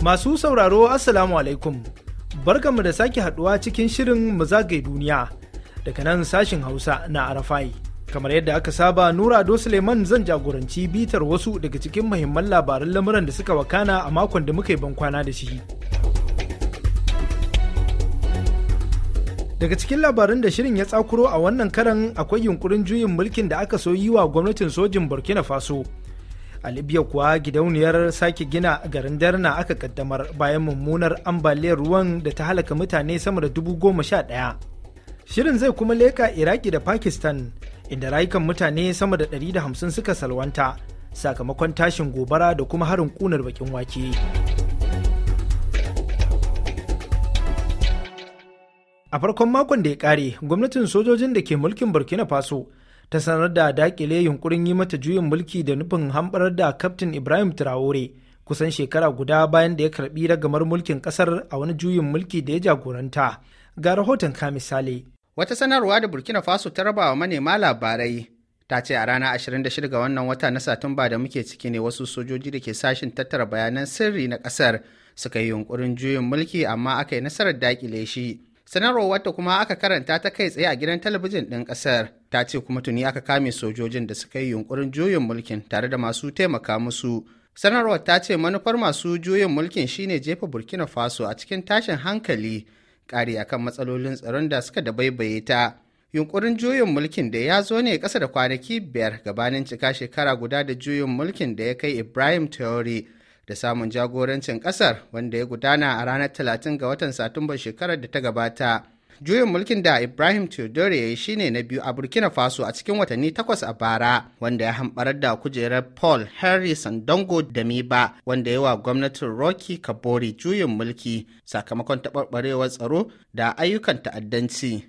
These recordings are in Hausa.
Masu sauraro Assalamu alaikum. Barkanmu da sake haduwa cikin shirin mu duniya daga nan sashin Hausa na Arafai. Kamar yadda aka saba Nura do Suleiman zan jagoranci bitar wasu daga cikin muhimman labaran lamuran da suka wakana a makon da muka yi bankwana da shi. Daga cikin labarin da shirin ya tsakuro a wannan karan akwai yunkurin juyin mulkin da aka so yi wa gwamnatin sojin Burkina Faso. a libya kuwa gidauniyar sake gina garin darna aka kaddamar bayan mummunar ambaliyar ruwan da ta halaka mutane sama da dubu goma sha daya, shirin zai kuma leka iraki da pakistan inda rayukan mutane sama da da hamsin suka salwanta sakamakon tashin gobara da kuma harin kunar bakin wake a farkon makon da ya kare gwamnatin sojojin da ke mulkin burkina faso ta sanar da dakile yunkurin yi mata juyin mulki da nufin hambar da kaftin ibrahim traore kusan shekara guda bayan da ya karbi ragamar mulkin kasar a wani juyin mulki da ya jagoranta ga rahoton ka misali wata sanarwa da burkina faso ta raba wa manema labarai ta ce a ranar 26 ga wannan wata na satumba da muke ciki ne wasu sojoji da ke sashin tattara bayanan sirri na kasar suka yi yunkurin juyin mulki amma aka yi nasarar dakile shi sanarwar wata kuma aka karanta ta kai tsaye a gidan talabijin ɗin ƙasar ta ce kuma tuni aka kame sojojin da suka yi yunkurin juyin mulkin tare da masu taimaka musu sanarwar ta ce manufar masu juyin mulkin shine jefa burkina faso a cikin tashin hankali ƙari akan matsalolin tsaron da suka dabaibaye ta yunkurin juyin mulkin da ya zo ne ƙasa da kwanaki biyar gabanin cika shekara guda da juyin mulkin da ya kai ibrahim Traore da samun jagorancin kasar wanda ya gudana a ranar 30 ga watan satumbar shekarar da ta gabata juyin mulkin da ibrahim theodore ya yi shine na biyu a burkina faso a cikin watanni takwas a bara wanda ya hamɓarar da kujerar paul harrison da miba wanda ya wa gwamnatin rocky kabori juyin mulki sakamakon taɓarɓarewar tsaro da ayyukan ta'addanci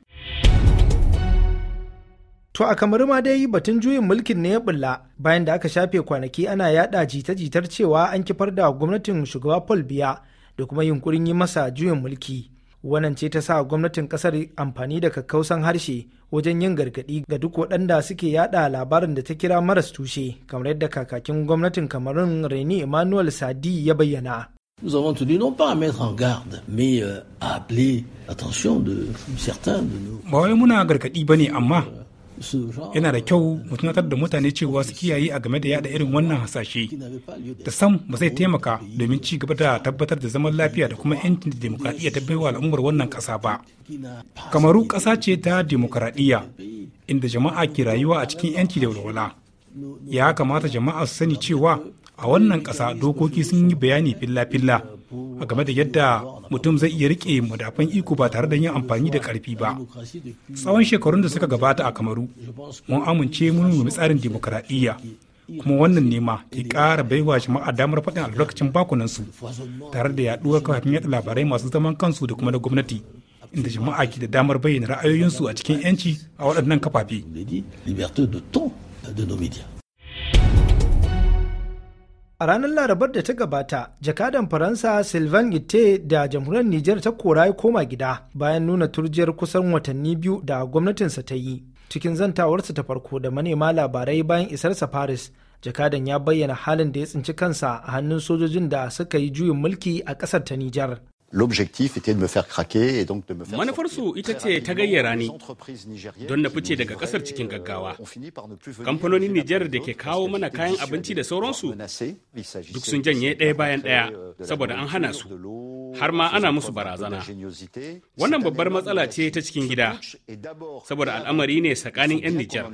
To a kamar ma dai batun juyin mulkin ne ya bulla bayan da aka shafe kwanaki ana yada jita-jitar cewa an kifar da gwamnatin shugaba Paul Biya da kuma yunkurin yi masa juyin mulki. Wannan ce ta sa gwamnatin kasar amfani da kakkausan harshe wajen yin gargadi ga duk waɗanda suke yada labarin da ta kira maras tushe kamar yadda kakakin gwamnatin kamarun Reni Emmanuel Sadi ya bayyana. Nous avons tenu non pas à mettre en garde, mais euh, à appeler l'attention de certains de nous. Ba muna gargaɗi bane amma yana da kyau mu tunatar da mutane cewa su kiyaye a game da yada irin wannan hasashe da sam ba zai taimaka domin ci gaba da tabbatar da zaman lafiya da kuma yancin da demokradiyya ta baiwa al'ummar wannan ƙasa ba kamaru ƙasa ce ta demokradiyya inda jama'a ke rayuwa a cikin yanci da walwala ya kamata jama'a su sani cewa a wannan ƙasa dokoki sun yi bayani filla-filla a game da yadda mutum zai iya rike madafan iko ba tare da yin amfani da karfi ba tsawon shekarun da suka gabata a kamaru mun amince mun nemi tsarin dimokuraɗiyya kuma wannan nema ke ƙara baiwa shi ma'a damar faɗin albarkacin su. tare da yaɗuwar kafin yaɗa labarai masu zaman kansu da kuma na gwamnati inda jama'a ke da damar bayyana ra'ayoyinsu a cikin 'yanci a waɗannan kafafe. A ranar Larabar da ta gabata, jakadan Faransa Sylvain Gitte da jamhuriyar Nijar ta kora ya koma gida bayan nuna turjiyar kusan watanni biyu da gwamnatinsa ta yi. Cikin zantawarsa ta farko da manema labarai bayan isarsa Paris, jakadan ya bayyana halin da ya tsinci kansa a hannun sojojin da suka yi juyin mulki a ƙasar ta Nijar. L'objectif était de me faire craquer et donc de me faire Manufar su ita ce ta gayyara ni don na fice daga kasar cikin euh, gaggawa. Kamfanonin Nijar da ke kawo mana kayan abinci da sauransu duk sun janye ɗaya bayan ɗaya euh, saboda an hana su. Har ma ana musu barazana. Wannan babbar matsala ce ta cikin gida saboda al'amari ne tsakanin 'yan Nijar.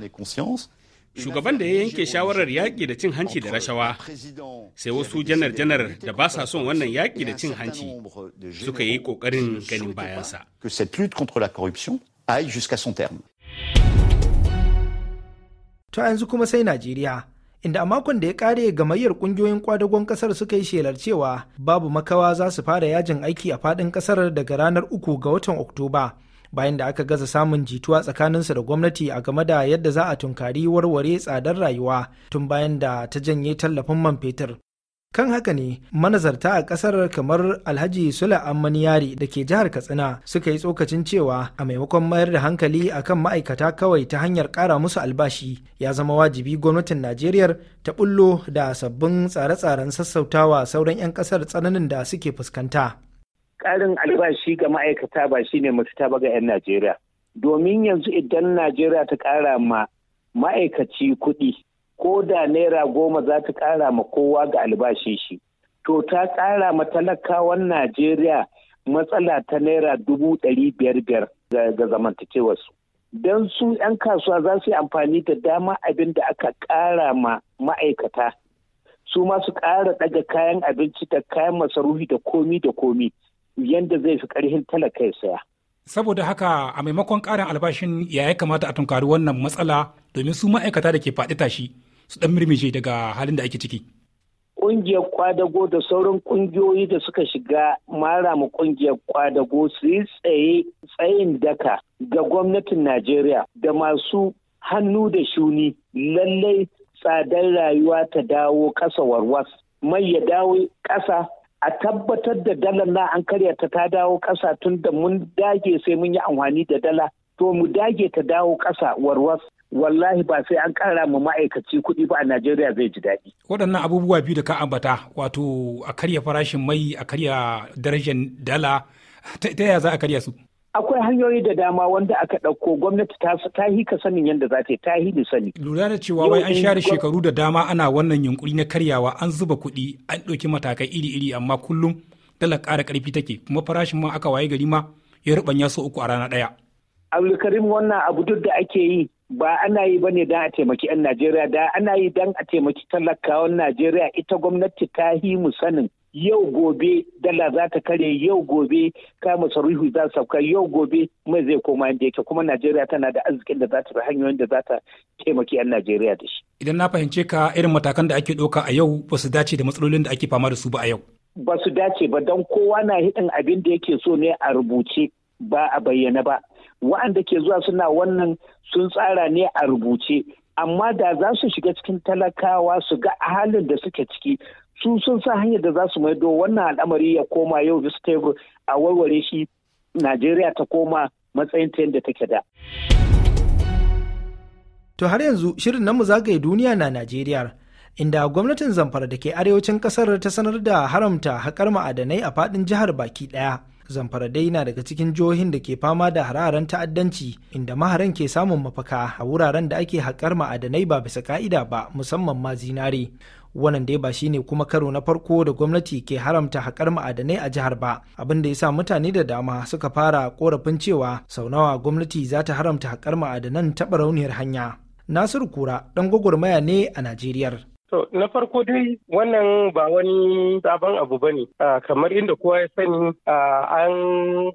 shugaban da ya yanke shawarar yaƙi da cin hanci da rashawa sai wasu janar-janar da ba sa son wannan yaƙi da cin hanci suka yi ƙoƙarin ganin bayansa. To yanzu kuma sai Najeriya, inda a makon da ya ƙare gamayyar ƙungiyoyin kwadagon ƙasar suka yi shelar cewa babu makawa za su fara yajin aiki a faɗin ƙasar daga ranar uku ga watan Oktoba. bayan da aka gaza samun jituwa tsakaninsa da gwamnati a game da yadda za a tunkari warware tsadar rayuwa tun bayan da ta janye tallafin man fetur. Kan haka ne manazarta a ƙasar kamar Alhaji Sula Ammaniyari da ke jihar Katsina suka yi tsokacin cewa a maimakon mayar da hankali a kan ma'aikata kawai ta hanyar ƙara musu albashi ya zama wajibi gwamnatin Najeriya ta bullo da sabbin tsare-tsaren sassautawa sauran 'yan ƙasar tsananin da suke fuskanta. ƙarin albashi ga ma'aikata ba shi ne mafita ba ga 'yan Najeriya. Domin yanzu idan Najeriya ta ƙara ma ma'aikaci kuɗi, ko da naira goma za ta ƙara ma kowa ga albashi shi. To ta ƙara ma talakawan Najeriya matsala ta naira dubu ɗari biyar biyar ga zamantakewarsu. Don su 'yan kasuwa za su yi amfani da dama abin da aka ƙara ma ma'aikata su ma su ƙara ɗaga kayan abinci da kayan masarufi da komi da komi yadda zai fi ƙarfin talaka ya saya. Saboda haka a maimakon ƙarin albashin ya ya kamata a tunkari wannan matsala domin su ma'aikata da ke faɗi tashi su ɗan mirmije daga halin da ake ciki. Ƙungiyar kwadago da sauran ƙungiyoyi da suka shiga mara mu ƙungiyar kwadago su yi tsaye tsayin daka ga gwamnatin Najeriya da masu hannu da shuni lallai tsadar rayuwa ta dawo ƙasa warwas mai ya dawo ƙasa a tabbatar da dalar na an karya ta ta dawo kasa tun da mun dage sai mun yi amfani da dala to mu dage ta dawo kasa warwas wallahi ba sai an ƙara ma ma'aikaci kuɗi ba a Najeriya zai ji daɗi. Waɗannan abubuwa biyu da ka ambata wato a karya farashin mai a karya darajar dala ta yaya za a karya su? akwai hanyoyi da dama wanda aka ɗauko gwamnati ta ta yi ka sanin yadda za ta yi ta yi sani. lura da cewa wai an share shekaru da dama ana wannan yunkuri na karyawa an zuba kuɗi an ɗauki matakai iri-iri amma kullum dala ƙara ƙarfi take kuma farashin ma aka waye gari ma ya ruɓanya sau uku a rana ɗaya. abdulkarim wannan abu duk da ake yi ba ana yi ba ne don a taimaki 'yan najeriya da ana yi don a taimaki talakawan najeriya ita gwamnati ta yi mu sanin yau gobe dala za ta kare yau gobe ka masarufi za su sauka yau gobe mai zai koma inda yake kuma najeriya tana da arzikin da za ta hanyoyin da za ta taimaki 'yan najeriya da shi idan na fahimce ka irin matakan da ake ɗauka a yau ba su dace da matsalolin da ake fama da su ba a yau ba su dace ba don kowa na hidin abin da yake so ne a rubuce ba a bayyana ba wa'anda ke zuwa suna wannan sun tsara ne a rubuce amma da za su shiga cikin talakawa su ga halin da suke ciki su sun sa hanyar da za su mai do wannan al'amari ya koma yau bisa tebur a warware shi najeriya ta koma matsayin ta yadda take da. To har yanzu shirin namu zagaye duniya na Najeriya, inda gwamnatin zamfara da ke arewacin kasar ta sanar da haramta haƙar ma'adanai a faɗin jihar baki ɗaya. Zamfara dai na daga cikin jihohin da ke fama da hararen ta'addanci, inda maharan ke samun mafaka a wuraren da ake haƙar ma'adanai ba bisa ka'ida ba musamman ma zinare. wannan dai ba shine kuma karo na farko da gwamnati ke haramta haƙar ma'adanai a jihar ba abin da ya sa mutane da dama suka fara korafin cewa sau nawa gwamnati za ta haramta haƙar ma'adanan taɓa rauniyar hanya nasiru kura ɗan gwagwarmaya ne a najeriya so, na farko dai wannan ba wani sabon abu ba ne, ah, kamar inda kowa ya sani ah, an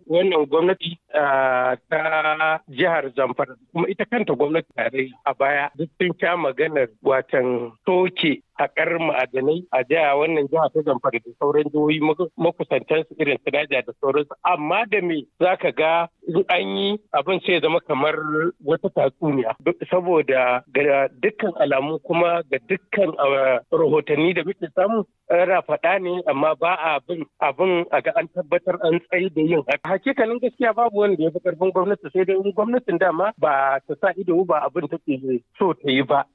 wannan gwamnati ah, ta jihar Zamfara kuma ita kanta gwamnati tare a baya duk sun sha maganar watan toke haƙar ma'adanai a jiha wannan jiha ta zamfara da sauran jihohi makusantan su irin su daja da sauransu amma da me za ka ga in an yi abin sai zama kamar wata tatsuniya saboda ga dukkan alamu kuma ga dukkan rahotanni da muke samu ana faɗa ne amma ba a bin abin a ga an tabbatar an tsayi da yin haka hakikanin gaskiya babu wanda ya fi karfin gwamnati sai dai gwamnatin dama ba ta sa ido ba abin take so ta yi ba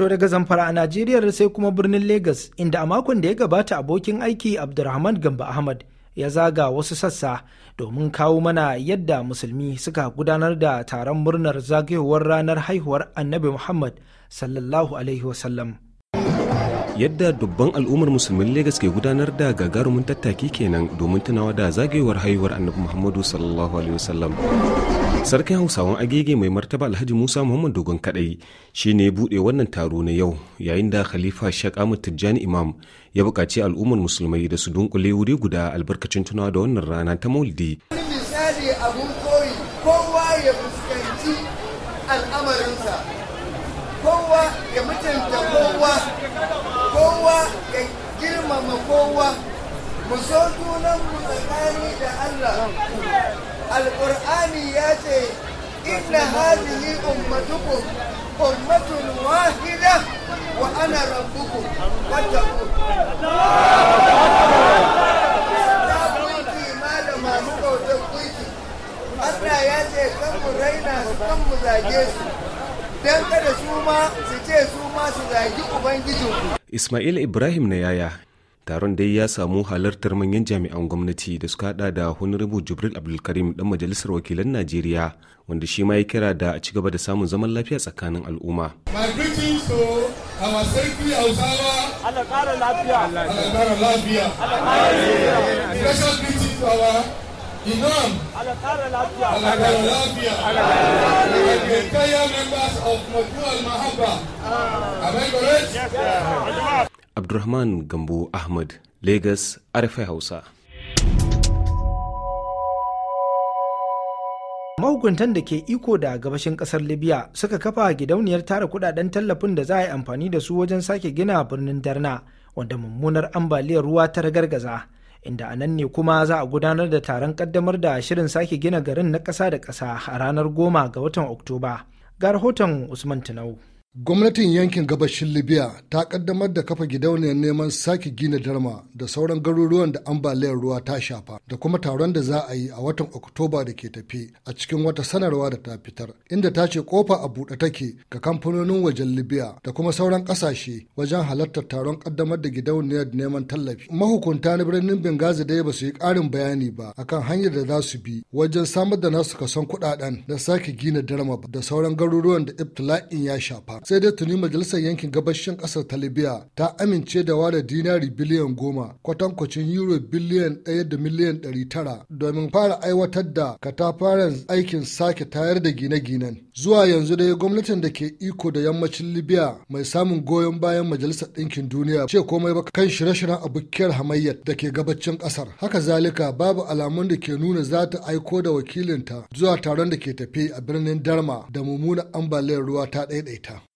To daga zamfara a Najeriya sai kuma birnin Legas inda a makon da ya gabata abokin aiki Abdulrahman Gamba Ahmad ya zaga wasu sassa domin kawo mana yadda musulmi suka gudanar da taron murnar zagayowar ranar haihuwar Annabi Muhammad sallallahu alaihi wasallam. Yadda dubban al'ummar musulmin Legas ke gudanar da gagarumin tattaki kenan domin tunawa da zagayowar haihuwar Annabi Muhammadu sallallahu alaihi wasallam. Sarkin Hausawan Agege mai martaba Alhaji Musa Muhammad Dogon kadai shine ne ya buɗe wannan taro na yau yayin da Khalifa Sheikh Ahmad Tijjani Imam ya bukaci al'ummar musulmai da su dunkule wuri guda albarkacin tunawa da wannan rana ta Maulidi. Misali abun koyi kowa ya fuskanci kowa ya girmama kowa mu so mu tsakani da Allah Alkur'ani ya ce inna hazihi ummatukum ummatun wahida wa ta Allah ya ce mu raina su mu zage su dan kada su ma su zagi ubangijinku Ismail Ibrahim na yaya taron dai ya samu halartar manyan jami'an gwamnati da suka hada da honorable jibril abdulkarim dan majalisar wakilan najeriya wanda shi ma ya kira da a ci gaba da samun zaman lafiya tsakanin al'umma Imam, Alakara Lafiya, abdulrahman gambo ahmad lagos arfe hausa mahukuntan da ke iko da gabashin kasar libya suka kafa gidauniyar tara kudaden tallafin da za a yi amfani da su wajen sake gina birnin darna wanda mummunar ambaliyar ruwa ta ragargaza inda a nan ne kuma za a gudanar da taron kaddamar da shirin sake gina garin na ƙasa da ƙasa a ranar goma ga watan oktoba ga rahoton usman tinau Gwamnatin yankin gabashin Libya ta kaddamar da kafa gidauniyar neman sake gina Darma da sauran garuruwan da ambaliyar ruwa ta shafa da kuma taron da za a yi a watan Oktoba da ke tafi a cikin wata sanarwa da ta fitar inda ta ce kofa a buɗe take ga kamfanonin wajen Libya da kuma sauran ƙasashe wajen halartar taron kaddamar da gidauniyar neman tallafi. Mahukunta na birnin Benghazi dai ba su yi ƙarin bayani ba akan hanyar da za su bi wajen samar da nasu kason kuɗaɗen da sake gina Darma da sauran garuruwan da ibtila'in ya shafa. Sai dai tuni majalisar yankin gabashin kasar ta Libya ta amince da ware dinari biliyan goma kwatankwacin euro biliyan ɗaya da miliyan ɗari tara domin fara aiwatar da katafaren aikin sake tayar da gine-ginen. Zuwa yanzu dai gwamnatin da ke iko da yammacin Libya mai samun goyon bayan majalisar ɗinkin duniya ce komai ba kan shirye-shiryen abokiyar hamayyar da ke gabacin ƙasar. Haka zalika babu alamun da ke nuna za ta aiko da wakilinta zuwa taron da ke tafi a birnin Darma da mummunan ambaliyar ruwa ta ɗaiɗaita.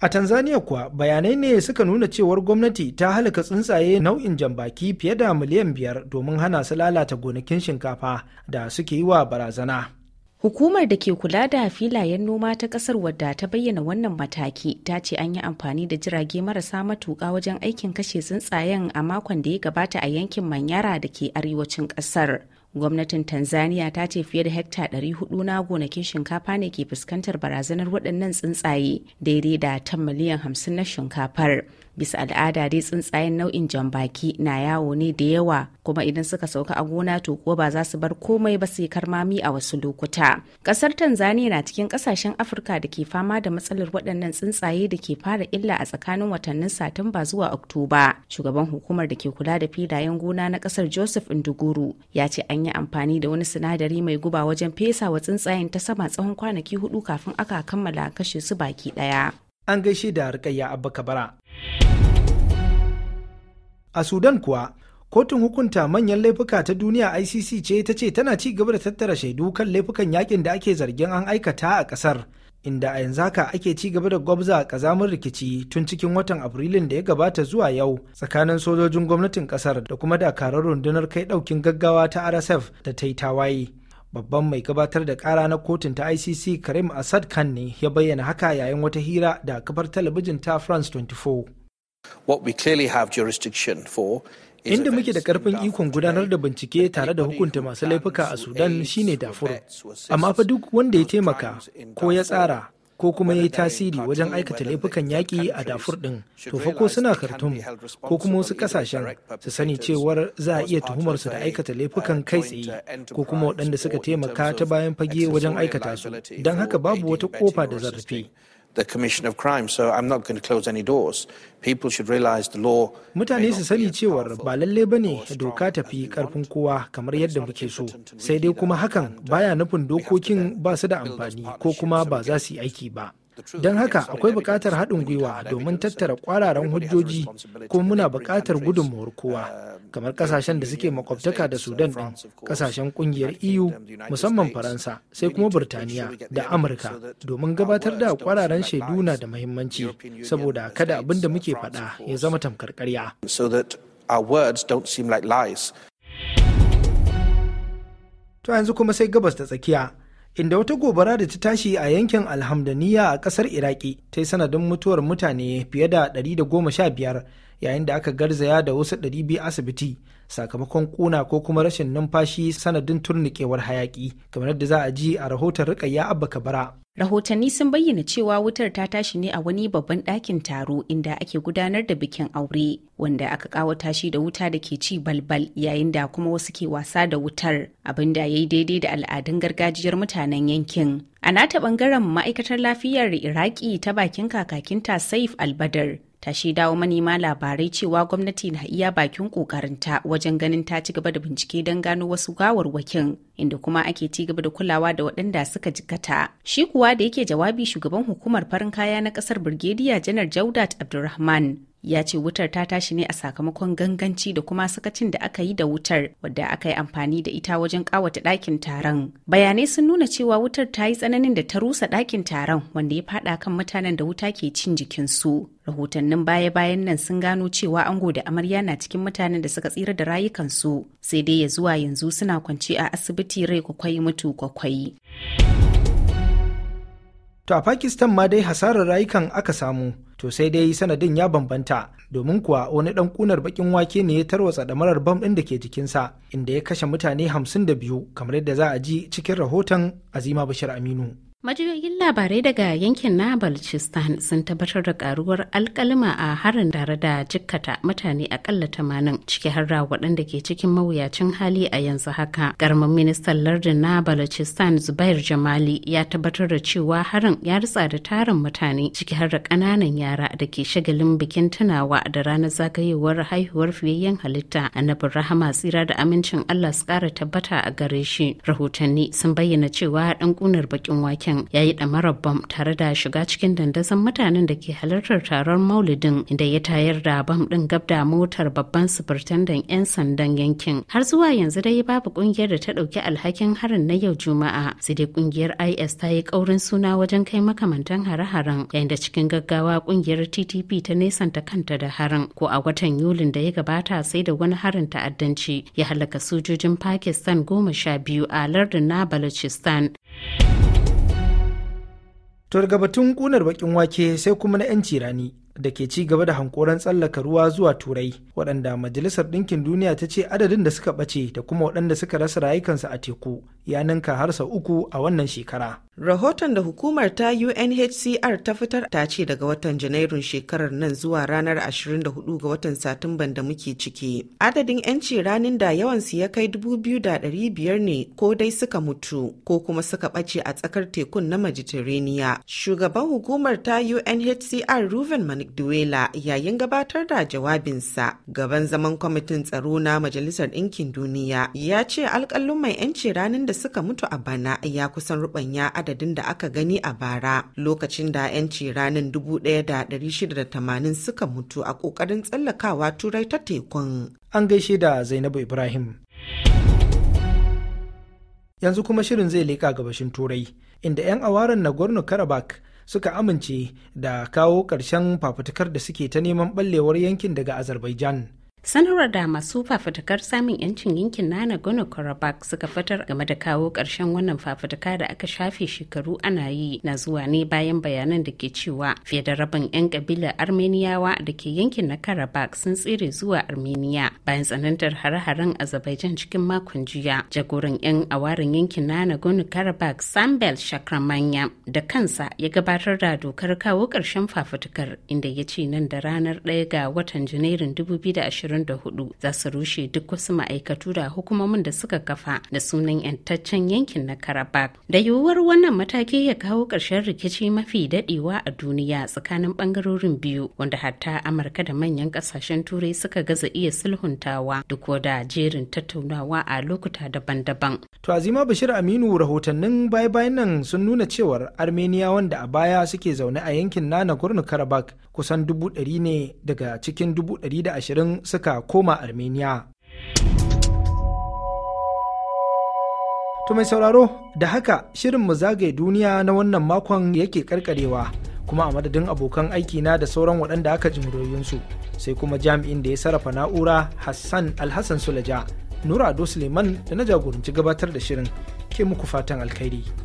A Tanzania kuwa bayanai ne suka nuna cewar gwamnati ta halaka tsuntsaye nau'in jambaki fiye da miliyan biyar domin hana su lalata gonakin shinkafa da suke yi wa barazana. Hukumar da ke kula da filayen noma ta kasar wadda ta bayyana wannan mataki ta ce an yi amfani da jirage marasa matuƙa wajen aikin kashe tsuntsayen a makon da ya gabata a yankin Manyara da ke arewacin kasar. gwamnatin tanzania ta ce fiye da hekta 400 na gonakin shinkafa ne ke fuskantar barazanar waɗannan tsuntsaye daidai da tan miliyan 50 na shinkafar bisa al'ada dai tsuntsayen nau'in jambaki na yawo ne da yawa kuma idan suka sauka a gona to kuwa ba za su bar komai ba su yi karmami a wasu lokuta kasar tanzania na cikin kasashen afirka da ke fama da matsalar waɗannan tsuntsaye da ke fara illa a tsakanin watannin satumba zuwa oktoba shugaban hukumar da ke kula da filayen gona na kasar joseph induguru ya ce an yi amfani da wani sinadari mai guba wajen fesa wa tsuntsayen ta sama tsawon kwanaki hudu kafin aka kammala kashe su baki ɗaya. an gaishe da rikayya abba kabara A Sudan kuwa, kotun hukunta manyan laifuka ta duniya ICC ce ta ce tana ci gaba da tattara shaidu kan laifukan yakin da ake zargin an aikata a ƙasar, inda a yanzu haka ake ci gaba da gwabza ƙazamin rikici tun cikin watan Afrilun da ya gabata zuwa yau tsakanin sojojin gwamnatin ƙasar da kuma dakarar rundunar kai ɗaukin gaggawa ta RSF da ta yi tawaye. babban mai gabatar da kara na kotun ta icc karim assad khan ne ya bayyana haka yayin wata hira da kafar talabijin ta france 24 Inda muke da karfin ikon gudanar da bincike tare da hukunta masu laifuka a Sudan shine dafur. Amma fa duk wanda ya taimaka ko ya tsara ko kuma ya yi tasiri wajen aikata laifukan yaƙi a dafur ɗin to fa ko suna kartun ko kuma wasu ƙasashen su sani cewar za a iya tuhumar su da aikata uh, laifukan kai tsaye ko kuma waɗanda suka taimaka ta bayan fage wajen aikata su don haka babu wata ƙofa da zarafi. the commission of so i'm not going close any doors people should realize the law mutane su sani cewar ba lalle bane doka tafi karfin kowa kamar yadda muke so sai dai kuma hakan baya nufin dokokin ba su da amfani ko kuma ba za su yi aiki ba don haka akwai bukatar haɗin gwiwa domin tattara kwararen hujjoji ko muna bukatar gudunmawar kowa kamar ƙasashen da suke makwabtaka da sudan ɗin ƙasashen ƙungiyar eu musamman faransa sai kuma burtaniya da amurka domin gabatar da kwararen shaidu na da mahimmanci saboda kada abin da muke faɗa ya zama tamkar ƙarya to yanzu kuma sai gabas da tsakiya inda wata gobara da ta tashi a yankin alhamdaniya a kasar iraki ta yi sanadin mutuwar mutane fiye da 115 yayin da aka garzaya da wasu 200 asibiti sakamakon kuna ko kuma rashin numfashi sanadin turnikewar hayaki kamar da za a ji a rahoton rikayya abba kabara Rahotanni sun bayyana cewa wutar ta tashi ne a wani babban ɗakin taro inda ake gudanar da bikin aure wanda aka kawata shi da wuta da ke ci balbal yayin da kuma wasu ke wasa da wutar abin da ya yi daidai da al'adun gargajiyar mutanen yankin. A nata ɓangaren ma'aikatar lafiyar Iraki ta bakin kakakinta Saif Albadar ta dawo manema labarai cewa gwamnati na iya bakin ta wajen ganin ta ci gaba da bincike don gano wasu gawarwakin inda kuma ake ci gaba da kulawa da waɗanda suka jikata shi kuwa da yake jawabi shugaban hukumar farin kaya na ƙasar birgediya janar jaudat abdulrahman ya ce wutar ta tashi ne a sakamakon ganganci da kuma sakacin da aka yi da wutar wadda aka yi amfani da ita wajen kawata ɗakin taron bayanai sun nuna cewa wutar ta yi tsananin da ta rusa ɗakin taron wanda ya faɗa kan mutanen da wuta ke cin jikin su rahotannin baya-bayan nan sun gano cewa ango da amarya na cikin mutanen da suka tsira da rayukansu sai dai ya zuwa yanzu suna kwance a asibiti rai kwakwai mutu kwakwai. To a Pakistan ma dai hasarar rayukan aka samu, to sai dai sanadin ya bambanta, domin kuwa wani ɗan kunar bakin wake ne ya tarwatsa ɗamarar bam ɗin da ke jikinsa, inda ya kashe mutane hamsin da biyu kamar yadda za a ji cikin rahoton Azima Bashir Aminu. Majiyoyin labarai daga yankin na Balchistan sun tabbatar da karuwar alkalima a harin tare da jikkata mutane akalla tamanin ciki har da waɗanda ke cikin mawuyacin hali a yanzu haka. garman ministan lardin na Balchistan Zubair Jamali ya tabbatar da cewa harin ya ritsa da tarin mutane ciki har da ƙananan yara da ke shagalin bikin tunawa da ranar zagayowar haihuwar fiyayyen halitta. Annabi Rahama tsira da amincin Allah su ƙara tabbata a gare shi. Rahotanni sun bayyana cewa ɗan ƙunar bakin waken yayi ya yi ɗamarar bam tare da shiga cikin dandazon mutanen da ke halartar taron maulidin inda ya tayar da bam ɗin gab da motar babban sufurtandan 'yan sandan yankin. Har zuwa yanzu dai babu ƙungiyar da ta ɗauki alhakin harin na yau Juma'a sai dai ƙungiyar IS ta yi ƙaurin suna wajen kai makamantan hare-haren yayin da cikin gaggawa ƙungiyar TTP ta nesanta kanta da harin ko a watan Yulin da ya gabata sai da wani harin ta'addanci ya halaka sojojin Pakistan goma sha biyu a lardin na Balochistan. to daga batun kunar bakin wake sai kuma na 'yanci rani da ke ci gaba da hankoran tsallaka ruwa zuwa turai waɗanda majalisar ɗinkin duniya ta ce adadin da suka ɓace da kuma waɗanda suka rasa rayukansu a teku ya ninka har sau uku a wannan shekara. Rahoton da hukumar ta UNHCR ta fitar ta ce daga watan Janairun shekarar nan zuwa ranar 24 ga watan Satumban da muke ciki. Adadin 'yanci ranin da yawansu ya kai 2,500 ne ko dai suka mutu ko kuma suka ɓace a tsakar tekun na majitireniya Shugaban hukumar ta UNHCR Ruven man Patrick Duwela yayin gabatar da jawabinsa gaban zaman kwamitin tsaro na Majalisar Ɗinkin Duniya ya ce alƙalin mai 'yanci ranar da suka mutu a bana ya kusan rubanya adadin da aka gani a bara lokacin da 'yanci ranar 1,680 suka mutu a ƙoƙarin tsallakawa turai ta tekun. An gaishe da Zainabu Ibrahim. Yanzu kuma shirin zai leƙa gabashin turai inda 'yan awaran Nagorno-Karabakh suka amince da kawo ƙarshen fafutukar da suke ta neman ɓallewar yankin daga azerbaijan sanarwar da masu fafutukar samun yancin yankin nana gona karabak suka fitar game da kawo ƙarshen wannan fafutuka da aka shafe shekaru ana yi na zuwa ne bayan bayanan da ke cewa fiye da rabin 'yan kabilar armeniyawa da ke yankin na karabak sun tsere zuwa armeniya bayan tsanantar hare-haren azerbaijan cikin makon jiya jagoran 'yan awarin yankin nana gona karabak sambel shakramanya da kansa ya gabatar da dokar kawo ƙarshen fafutukar inda ya ce nan da ranar 1 ga watan janairun 2020 24 za su rushe duk wasu ma'aikatu da hukumomin da suka kafa da sunan 'yantaccen yankin na karabak da yiwuwar wannan mataki ya kawo ƙarshen rikici mafi daɗewa a duniya tsakanin ɓangarorin biyu wanda hatta amurka da manyan ƙasashen turai suka gaza iya sulhuntawa duk da jerin tattaunawa a lokuta daban-daban. to azima bashir aminu rahotannin baya-bayan nan sun nuna cewar armenia wanda a baya suke zaune a yankin na nagorno karabakh kusan dubu ɗari ne daga cikin dubu ɗari da ashirin suka suka koma armenia to mai sauraro da haka shirin mu zagaye duniya na wannan makon yake karkarewa kuma a madadin abokan na da sauran waɗanda aka ji muryoyinsu sai kuma jami'in da ya sarrafa na'ura hassan alhassan sulaja nura ado suleiman da na jagoranci gabatar da shirin ke muku fatan alkhairi